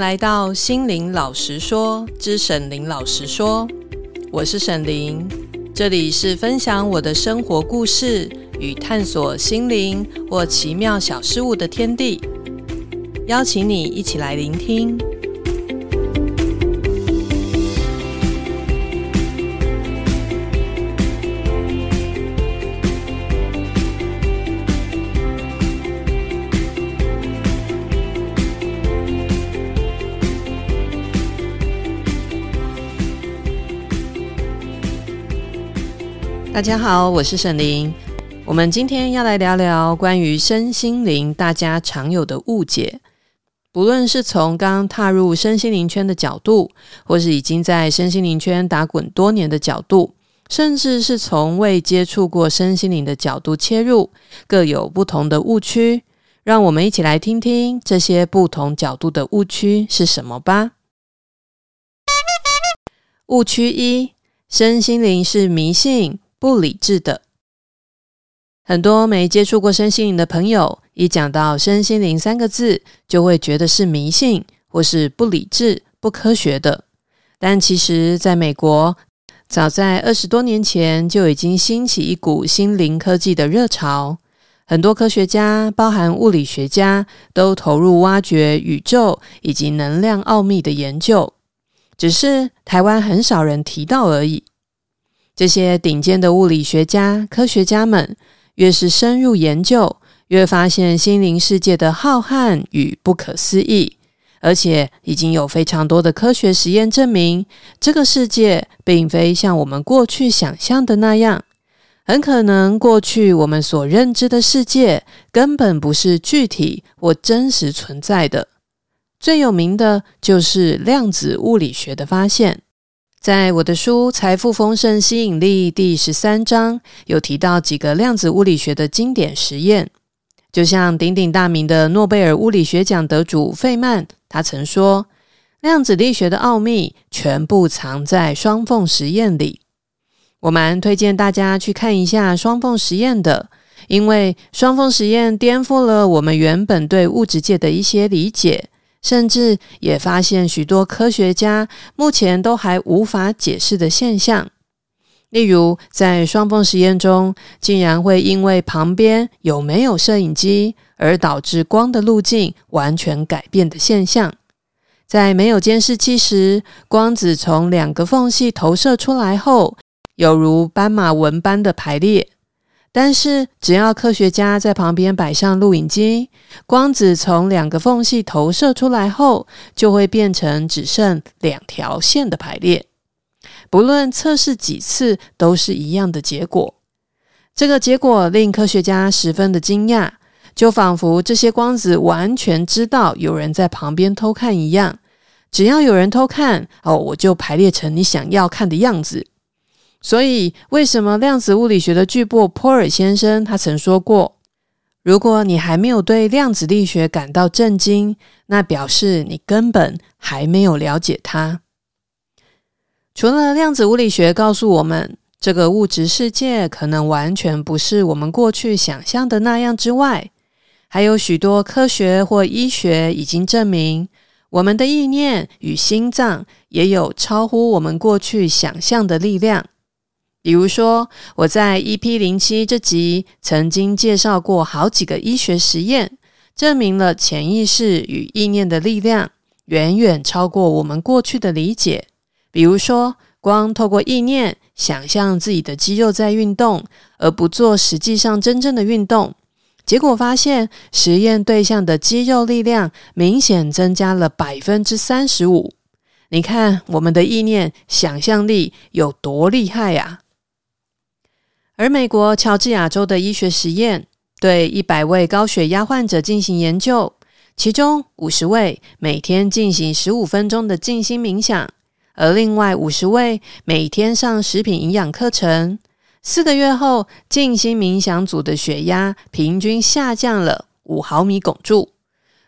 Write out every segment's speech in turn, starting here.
來到心靈老實說之沈伶老實說，我是沈伶，這裡是分享我的生活故事與探索心靈或奇妙小事物的天地，邀請你一起來聆聽。大家好，我是沈伶。我們今天要來聊聊關於身心靈大家常有的誤解。不論是從剛踏入身心靈圈的角度，或是已經在身心靈圈打滾多年的角度，甚至是從未接觸過身心靈的角度切入，各有不同的誤區。讓我們一起來聽聽這些不同角度的誤區是什麼吧。誤區一：身心靈是迷信，不理智的，很多沒接觸過身心靈的朋友，一講到身心靈三個字，就會覺得是迷信或是不理智、不科學的。但其實，在美國，早在二十多年前就已經興起一股心靈科技的熱潮，很多科學家，包含物理學家，都投入挖掘宇宙以及能量奧秘的研究，只是台灣很少人提到而已。這些頂尖的物理學家、科學家們越是深入研究，越發現心靈世界的浩瀚與不可思議。而且，已經有非常多的科學實驗證明，這個世界並非像我們過去想象的那樣。很可能過去我們所認知的世界根本不是具體或真實存在的。最有名的就是量子物理學的發現。在我的書《財富豐盛吸引力》第十三章有提到幾個量子物理學的經典實驗，就像鼎鼎大名的諾貝爾物理學獎得主費曼，他曾說：“量子力學的奧秘全部藏在雙縫實驗裡。”我蠻推薦大家去看一下雙縫實驗的，因為雙縫實驗顛覆了我們原本對物質界的一些理解。甚至也發現許多科學家目前都還無法解釋的現象，例如在雙縫實驗中，竟然會因為旁邊有沒有攝影機而導致光的路徑完全改變的現象。在沒有監視器時，光子從兩個縫隙投射出來後，猶如斑馬紋般的排列。但是，只要科學家在旁邊擺上錄影機，光子從兩個縫隙投射出來後，就會變成只剩兩條線的排列。不論測試幾次，都是一樣的結果。這個結果令科學家十分的驚訝，就仿佛這些光子完全知道有人在旁邊偷看一樣。只要有人偷看，哦，我就排列成你想要看的樣子。所以，為什麼量子物理學的巨擘波，波爾先生他曾說過：“如果你還沒有對量子力學感到震驚，那表示你根本還沒有了解它。”除了量子物理學告訴我們，這個物質世界可能完全不是我們過去想象的那樣之外，還有許多科學或醫學已經證明，我們的意念與心臟也有超乎我們過去想象的力量。比如說，我在 EP 零七這集曾經介紹過好幾個醫學實驗，證明了潛意識與意念的力量遠遠超過我們過去的理解。比如說，光透過意念想象自己的肌肉在運動，而不做實際上真正的運動，結果發現實驗對象的肌肉力量明顯增加了百分之三十五。你看，我們的意念想象力有多厲害呀、啊！而美國喬治亞州的醫學實驗，對一百位高血壓患者進行研究，其中五十位每天進行十五分鐘的靜心冥想，而另外五十位每天上食品營養課程。四個月後，靜心冥想組的血壓平均下降了五毫米汞柱，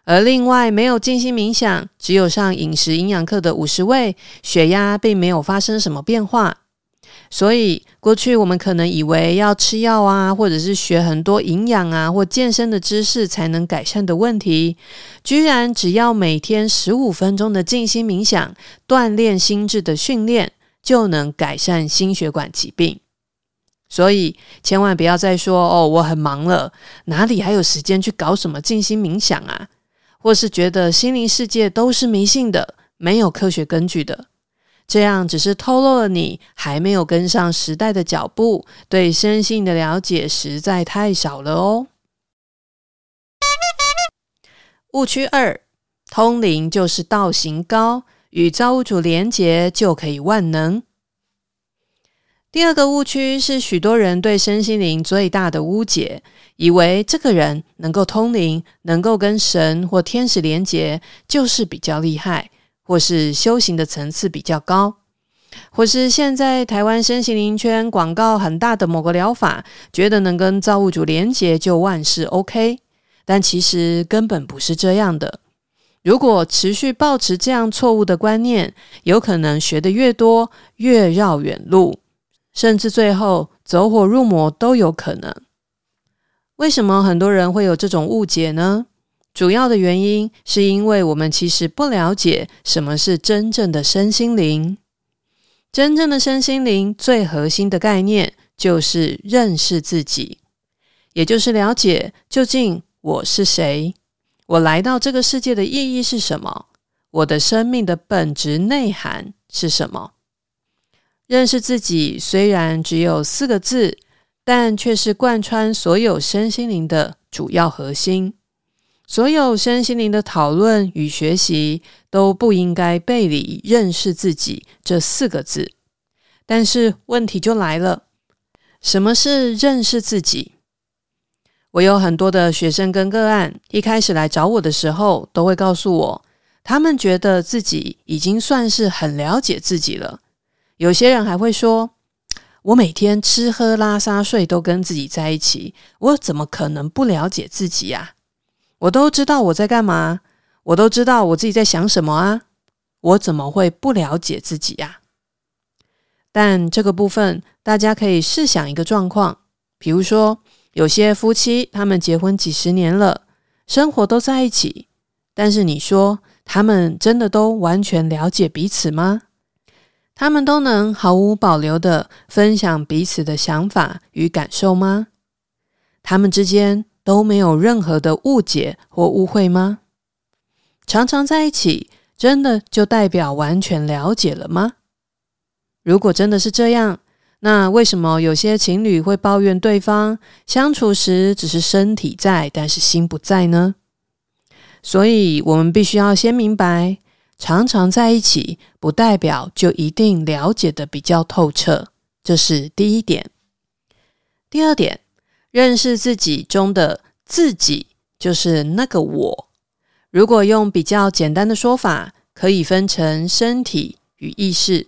而另外沒有靜心冥想，只有上飲食營養課的五十位，血壓並沒有發生什麼變化。所以，過去我們可能以為要吃藥啊，或者是學很多營養啊、或健身的知識才能改善的問題，居然只要每天十五分鐘的靜心冥想，鍛鍊心智的訓練，就能改善心血管疾病。所以，千萬不要再說“哦，我很忙了，哪裡還有時間去搞什麼靜心冥想啊？”或是覺得心靈世界都是迷信的，沒有科學根據的。這樣只是透露了你還沒有跟上時代的腳步，對身心的了解實在太少了哦。誤區二：通靈就是道行高，與造物主連結就可以萬能。第二個誤區是許多人對身心靈最大的誤解，以為這個人能夠通靈，能夠跟神或天使連結就是比較厲害。或是修行的層次比較高，或是現在台灣身心靈圈廣告很大的某個療法，覺得能跟造物主連接就萬事 OK，但其實根本不是這樣的。如果持續抱持這樣錯誤的觀念，有可能學得越多越繞遠路，甚至最後走火入魔都有可能。為什麼很多人會有這種誤解呢？主要的原因，是因為我們其實不了解什麼是真正的身心靈。真正的身心靈最核心的概念，就是認識自己，也就是了解究竟我是誰，我來到這個世界的意義是什麼，我的生命的本質內涵是什麼。認識自己雖然只有四個字，但卻是貫穿所有身心靈的主要核心。所有身心靈的討論與學習都不應該背離“認識自己”這四個字。但是問題就來了：什麼是認識自己？我有很多的學生跟個案，一開始來找我的時候，都會告訴我，他們覺得自己已經算是很了解自己了。有些人還會說：“我每天吃喝拉撒睡都跟自己在一起，我怎麼可能不了解自己啊？”我都知道我在幹嘛，我都知道我自己在想什麼啊！我怎麼會不了解自己呀？但這個部分，大家可以試想一個狀況，比如說有些夫妻，他們結婚幾十年了，生活都在一起，但是你說他們真的都完全了解彼此嗎？他們都能毫無保留的分享彼此的想法與感受嗎？他們之間？都沒有任何的誤解或誤會嗎？常常在一起，真的就代表完全了解了嗎？如果真的是這樣，那為什麼有些情侶會抱怨對方相處時只是身體在，但是心不在呢？所以我們必須要先明白，常常在一起，不代表就一定了解得比較透徹，這是第一點。第二點。認識自己中的自己，就是那個我。如果用比較簡單的說法，可以分成身體與意識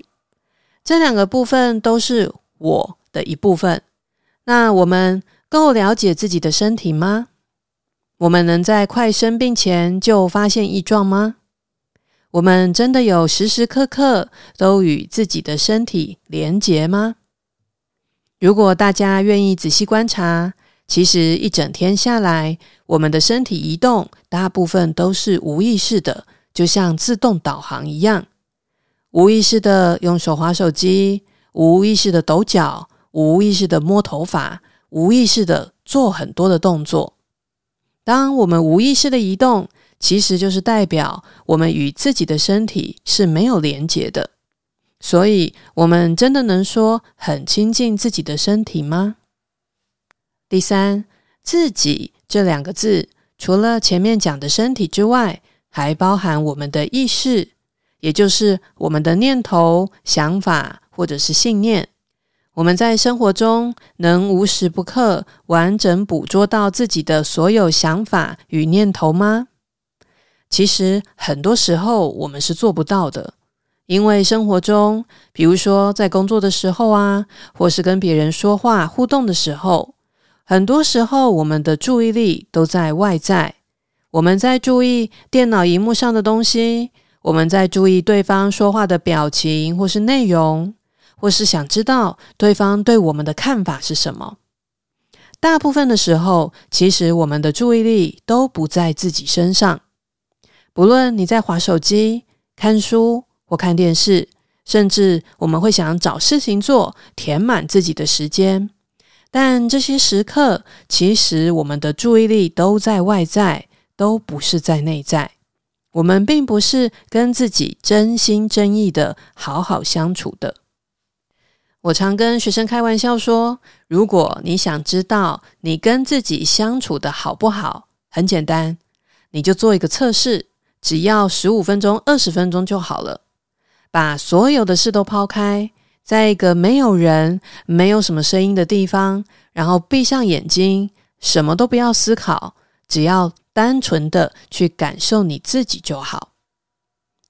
這兩個部分，都是我的一部分。那我們夠了解自己的身體嗎？我們能在快生病前就發現異狀嗎？我們真的有時時刻刻都與自己的身體連結嗎？如果大家願意仔細觀察，其實一整天下來，我們的身體移動大部分都是無意識的，就像自動導航一樣，無意識的用手滑手機，無意識的抖腳，無意識的摸頭髮，無意識的做很多的動作。當我們無意識的移動，其實就是代表我們與自己的身體是沒有連結的。所以，我們真的能說很親近自己的身體嗎？第三，“自己”這兩個字，除了前面講的身體之外，還包含我們的意識，也就是我們的念頭、想法或者是信念。我們在生活中能無時不刻完整捕捉到自己的所有想法與念頭嗎？其實，很多時候我們是做不到的。因為生活中，比如說在工作的時候啊，或是跟別人說話互動的時候，很多時候我們的注意力都在外在，我們在注意電腦熒幕上的東西，我們在注意對方說話的表情或是內容，或是想知道對方對我們的看法是什麼。大部分的時候，其實我們的注意力都不在自己身上，不論你在滑手機、看書。或看電視，甚至我們會想找事情做，填滿自己的時間。但這些時刻，其實我們的注意力都在外在，都不是在內在。我們並不是跟自己真心真意的好好相處的。我常跟學生開玩笑說，如果你想知道你跟自己相處的好不好，很簡單，你就做一個測試，只要十五分鐘、二十分鐘就好了。把所有的事都拋開，在一個沒有人、沒有什麼聲音的地方，然後閉上眼睛，什麼都不要思考，只要單純的去感受你自己就好。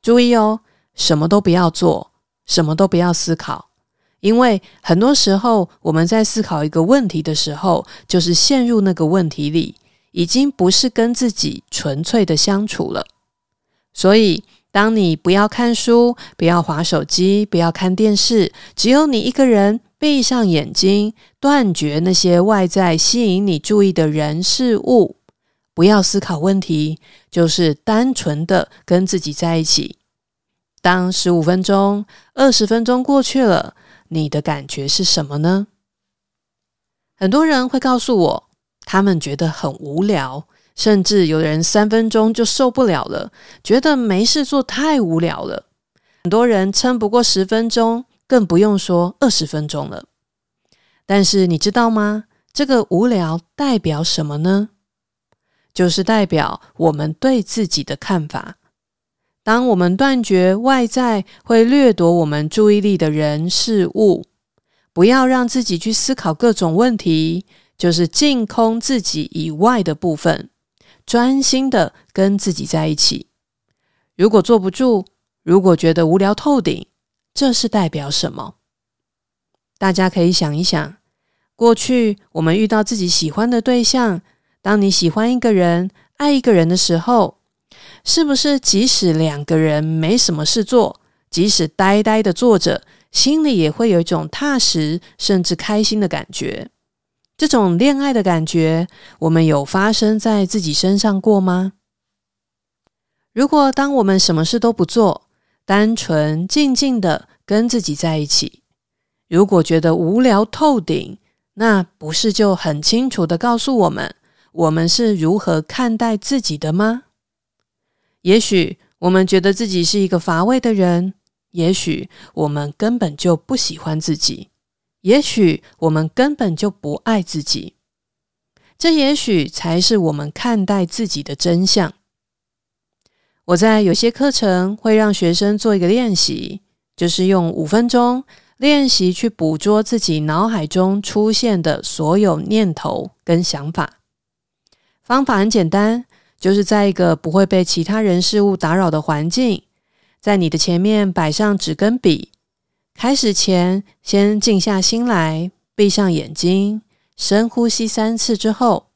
注意哦，什麼都不要做，什麼都不要思考，因為很多時候我們在思考一個問題的時候，就是陷入那個問題裡，已經不是跟自己純粹的相處了。所以。當你不要看書，不要滑手機，不要看電視，只有你一個人，閉上眼睛，斷絕那些外在吸引你注意的人事物，不要思考問題，就是單純的跟自己在一起。當十五分鐘、二十分鐘過去了，你的感覺是什麼呢？很多人會告訴我，他們覺得很無聊。甚至有人三分鐘就受不了了，覺得沒事做太無聊了。很多人撐不過十分鐘，更不用說二十分鐘了。但是你知道嗎？這個無聊代表什麼呢？就是代表我們對自己的看法。當我們斷絕外在會掠奪我們注意力的人事物，不要讓自己去思考各種問題，就是淨空自己以外的部分。專心的跟自己在一起。如果坐不住，如果覺得無聊透頂，這是代表什麼？大家可以想一想，過去我們遇到自己喜歡的對象，當你喜歡一個人、愛一個人的時候，是不是即使兩個人沒什麼事做，即使呆呆的坐着，心裡也會有一種踏實甚至開心的感覺？這種戀愛的感覺，我們有發生在自己身上過嗎？如果當我們什麼事都不做，單純靜靜的跟自己在一起，如果覺得無聊透頂，那不是就很清楚的告訴我們，我們是如何看待自己的嗎？也許我們覺得自己是一個乏味的人，也許我們根本就不喜歡自己。也許我們根本就不愛自己，這也許才是我們看待自己的真相。我在有些課程會讓學生做一個練習，就是用五分鐘練習去捕捉自己腦海中出現的所有念頭跟想法。方法很簡單，就是在一個不會被其他人事物打擾的環境，在你的前面擺上紙跟筆。開始前，先靜下心來，閉上眼睛，深呼吸三次之後，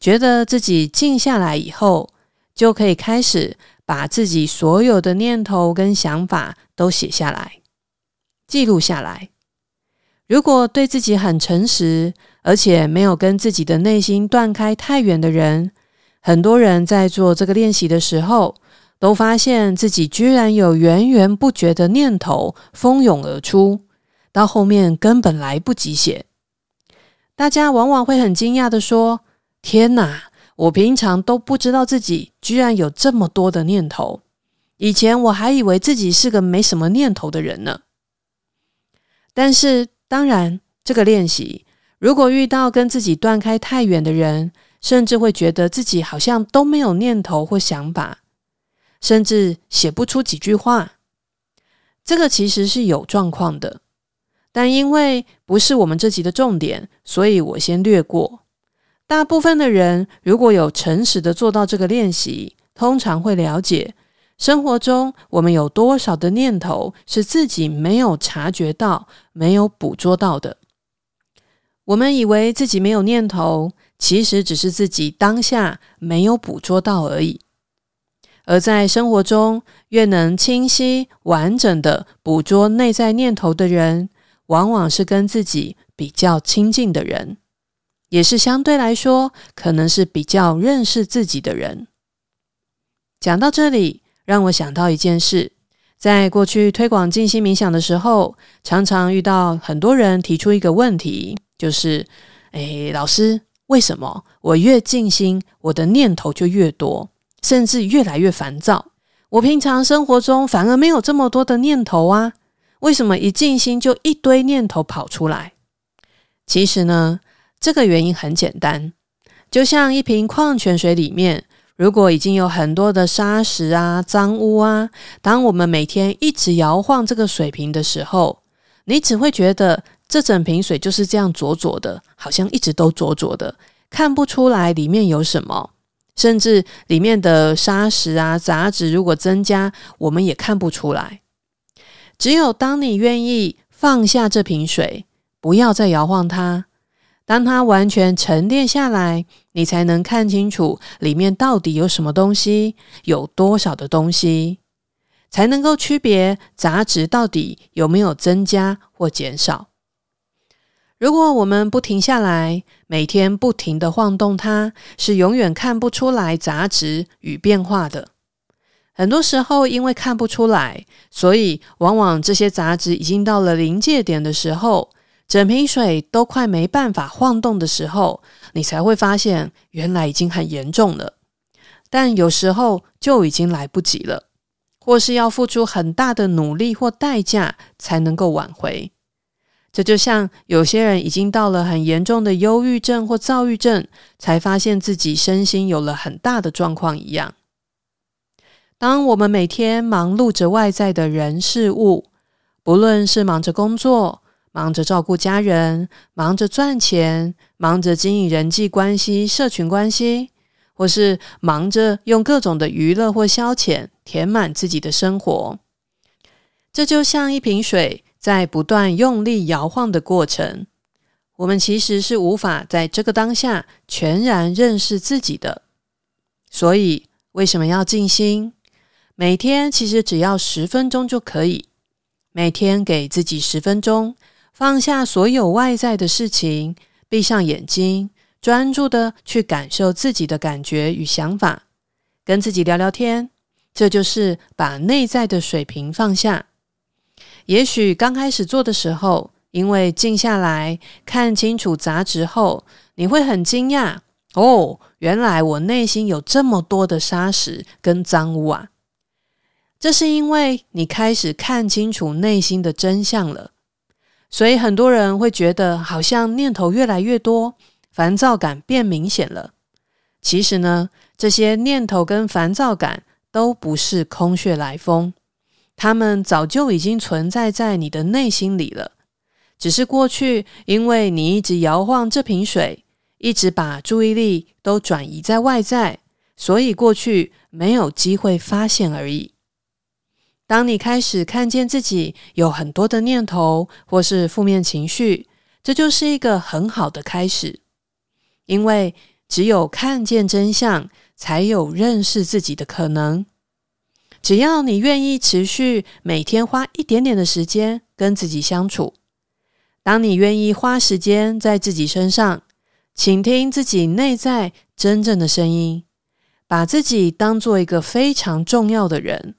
覺得自己靜下來以後，就可以開始把自己所有的念頭跟想法都寫下來，記錄下來。如果對自己很誠實，而且沒有跟自己的內心斷開太遠的人，很多人在做這個練習的時候，都發現自己居然有源源不絕的念頭蜂擁而出，到後面根本來不及寫。大家往往會很驚訝地說：“天哪！我平常都不知道自己居然有這麼多的念頭，以前我還以為自己是個沒什麼念頭的人呢。”但是當然，這個練習如果遇到跟自己斷開太遠的人，甚至會覺得自己好像都沒有念頭或想法。甚至寫不出幾句話，這個其實是有狀況的，但因為不是我們這集的重點，所以我先略過。大部分的人如果有誠實的做到這個練習，通常會了解生活中我們有多少的念頭是自己沒有察覺到、沒有捕捉到的。我們以為自己沒有念頭，其實只是自己當下沒有捕捉到而已。而在生活中，越能清晰完整的捕捉內在念頭的人，往往是跟自己比較親近的人，也是相對來說可能是比較認識自己的人。講到這裡，讓我想到一件事，在過去推廣靜心冥想的時候，常常遇到很多人提出一個問題，就是，哎，老師，為什麼我越靜心，我的念頭就越多？甚至越來越煩躁。我平常生活中反而沒有這麼多的念頭啊，為什麼一靜心就一堆念頭跑出來？其實呢，這個原因很簡單，就像一瓶礦泉水裡面，如果已經有很多的沙石啊、髒污啊，當我們每天一直搖晃這個水瓶的時候，你只會覺得這整瓶水就是這樣濁濁的，好像一直都濁濁的，看不出來裡面有什麼。甚至裡面的砂石啊、雜質，如果增加，我們也看不出來。只有當你願意放下這瓶水，不要再搖晃它，當它完全沉澱下來，你才能看清楚裡面到底有什麼東西，有多少的東西，才能夠區別雜質到底有沒有增加或減少。如果我們不停下來，每天不停地晃動它，它是永遠看不出來雜質與變化的。很多時候，因為看不出來，所以往往這些雜質已經到了臨界點的時候，整瓶水都快沒辦法晃動的時候，你才會發現原來已經很嚴重了。但有時候就已經來不及了，或是要付出很大的努力或代價才能夠挽回。這就像有些人已經到了很嚴重的憂鬱症或躁鬱症，才發現自己身心有了很大的狀況一樣。當我們每天忙碌着外在的人事物，不論是忙着工作、忙着照顧家人、忙着賺錢、忙着經營人際關係、社群關係，或是忙着用各種的娛樂或消遣填滿自己的生活，這就像一瓶水。在不斷用力搖晃的過程，我們其實是無法在這個當下全然認識自己的。所以，為什麼要靜心？每天其實只要十分鐘就可以，每天給自己十分鐘，放下所有外在的事情，閉上眼睛，專注的去感受自己的感覺與想法，跟自己聊聊天，這就是把內在的水平放下。也許剛開始做的時候，因為靜下來看清楚雜質後，你會很驚訝哦，原來我內心有這麼多的砂石跟髒污啊！這是因為你開始看清楚內心的真相了，所以很多人會覺得好像念頭越來越多，煩躁感變明顯了。其實呢，這些念頭跟煩躁感都不是空穴來風。他們早就已經存在在你的內心裡了，只是過去因為你一直搖晃這瓶水，一直把注意力都轉移在外在，所以過去沒有機會發現而已。當你開始看見自己有很多的念頭或是負面情緒，這就是一個很好的開始，因為只有看見真相，才有認識自己的可能。只要你願意持續每天花一點點的時間跟自己相處，當你願意花時間在自己身上，傾聽自己內在真正的聲音，把自己當做一個非常重要的人，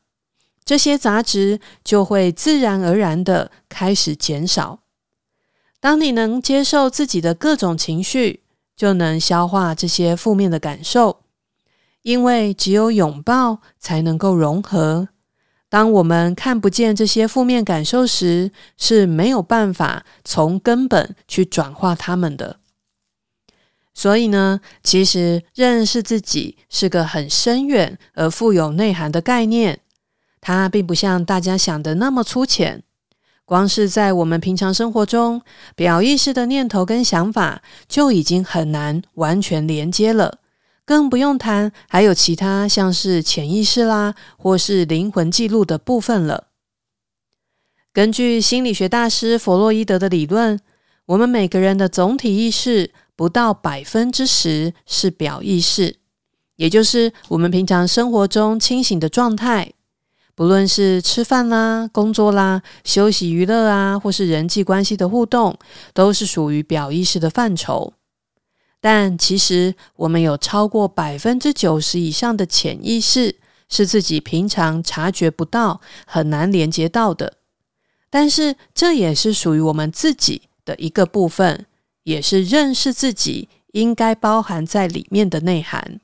這些雜質就會自然而然的開始減少。當你能接受自己的各種情緒，就能消化這些負面的感受。因為只有擁抱才能夠融合。當我們看不見這些負面感受時，是沒有辦法從根本去轉化它們的。所以呢，其實認識自己是個很深遠而富有內涵的概念，它並不像大家想的那麼粗淺。光是在我們平常生活中，表意識的念頭跟想法就已經很難完全連接了。更不用談，還有其他像是潛意識啦，或是靈魂記錄的部分了。根據心理學大師弗洛伊德的理論，我們每個人的總體意識不到百分之十是表意識，也就是我們平常生活中清醒的狀態，不論是吃飯啦、工作啦、休息娛樂啊，或是人際關係的互動，都是屬於表意識的範疇。但其實，我們有超過百分之九十以上的潛意識是自己平常察覺不到、很難連接到的。但是，這也是屬於我們自己的一個部分，也是認識自己應該包含在裡面的內涵。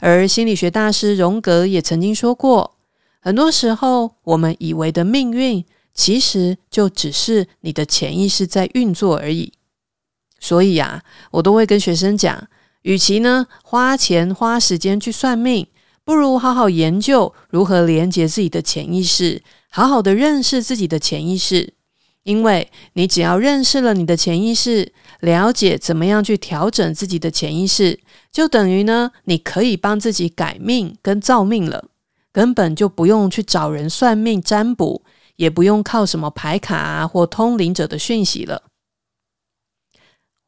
而心理學大師榮格也曾經說過，很多時候我們以為的命運，其實就只是你的潛意識在運作而已。所以啊，我都會跟學生講，與其呢花錢花時間去算命，不如好好研究如何連接自己的潛意識，好好的認識自己的潛意識。因為你只要認識了你的潛意識，了解怎麼樣去調整自己的潛意識，就等於呢，你可以幫自己改命跟造命了，根本就不用去找人算命占卜，也不用靠什麼牌卡啊或通靈者的訊息了。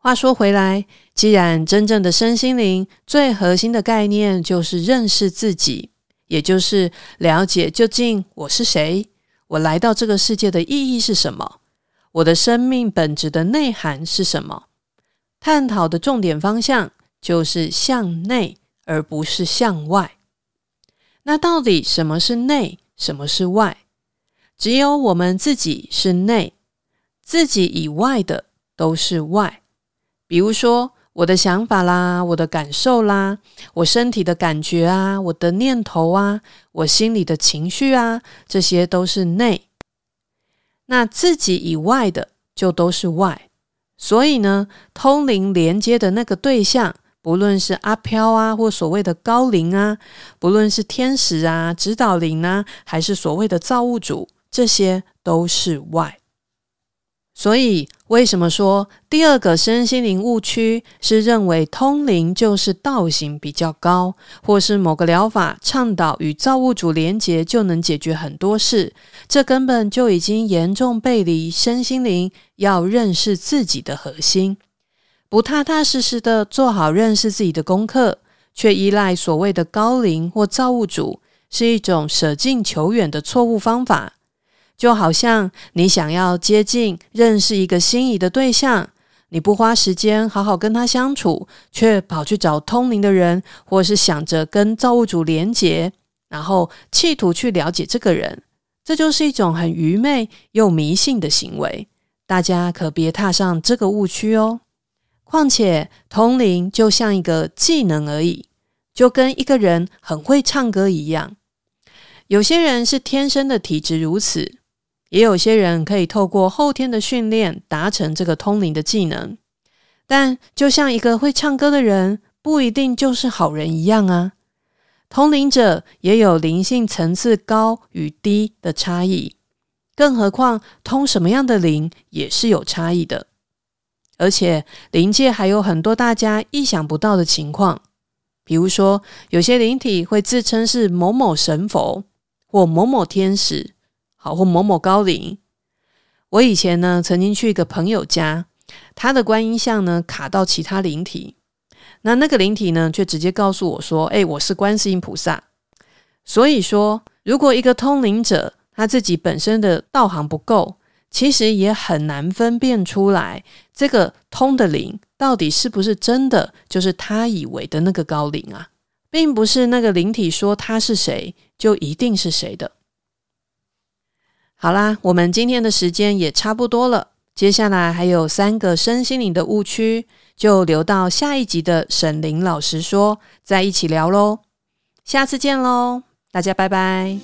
話說回來，既然真正的身心靈最核心的概念就是認識自己，也就是了解究竟我是誰，我來到這個世界的意義是什麼，我的生命本質的內涵是什麼，探討的重點方向就是向內，而不是向外。那到底什麼是內，什麼是外？只有我們自己是內，自己以外的都是外。比如說我的想法啦，我的感受啦，我身體的感覺啊，我的念頭啊，我心裡的情緒啊，這些都是內。那自己以外的就都是外。所以呢，通靈連接的那個對象，不論是阿飄啊，或所謂的高靈啊，不論是天使啊、指導靈啊，還是所謂的造物主，這些都是外。所以，為什麼說第二個身心靈誤區是認為通靈就是道行比較高，或是某個療法倡導與造物主連結就能解決很多事？這根本就已經嚴重背離身心靈要認識自己的核心，不踏踏實實地做好認識自己的功課，卻依賴所謂的高靈或造物主，是一種捨近求遠的錯誤方法。就好像你想要接近、認識一個心儀的對象，你不花時間好好跟他相處，卻跑去找通靈的人，或是想着跟造物主聯結，然後企圖去了解這個人，這就是一種很愚昧又迷信的行為。大家可別踏上這個誤區哦！況且，通靈就像一個技能而已，就跟一個人很會唱歌一樣，有些人是天生的體質如此。也有些人可以透過後天的訓練達成這個通靈的技能，但就像一個會唱歌的人不一定就是好人一樣啊。通靈者也有靈性層次高與低的差異，更何況通什麼樣的靈也是有差異的。而且靈界還有很多大家意想不到的情況，比如說有些靈體會自稱是某某神佛或某某天使，好，或某某高靈，我以前呢，曾經去一個朋友家，他的觀音像呢，卡到其他靈體，那那個靈體呢，卻直接告訴我說：“哎、欸，我是觀世音菩薩。”所以說，如果一個通靈者他自己本身的道行不夠，其實也很難分辨出來，這個通的靈到底是不是真的，就是他以為的那個高靈啊，並不是那個靈體說他是誰，就一定是誰的。好啦，我們今天的時間也差不多了。接下來還有三個身心靈的誤區，就留到下一集的沈伶老師說再一起聊嘍。下次見嘍，大家拜拜。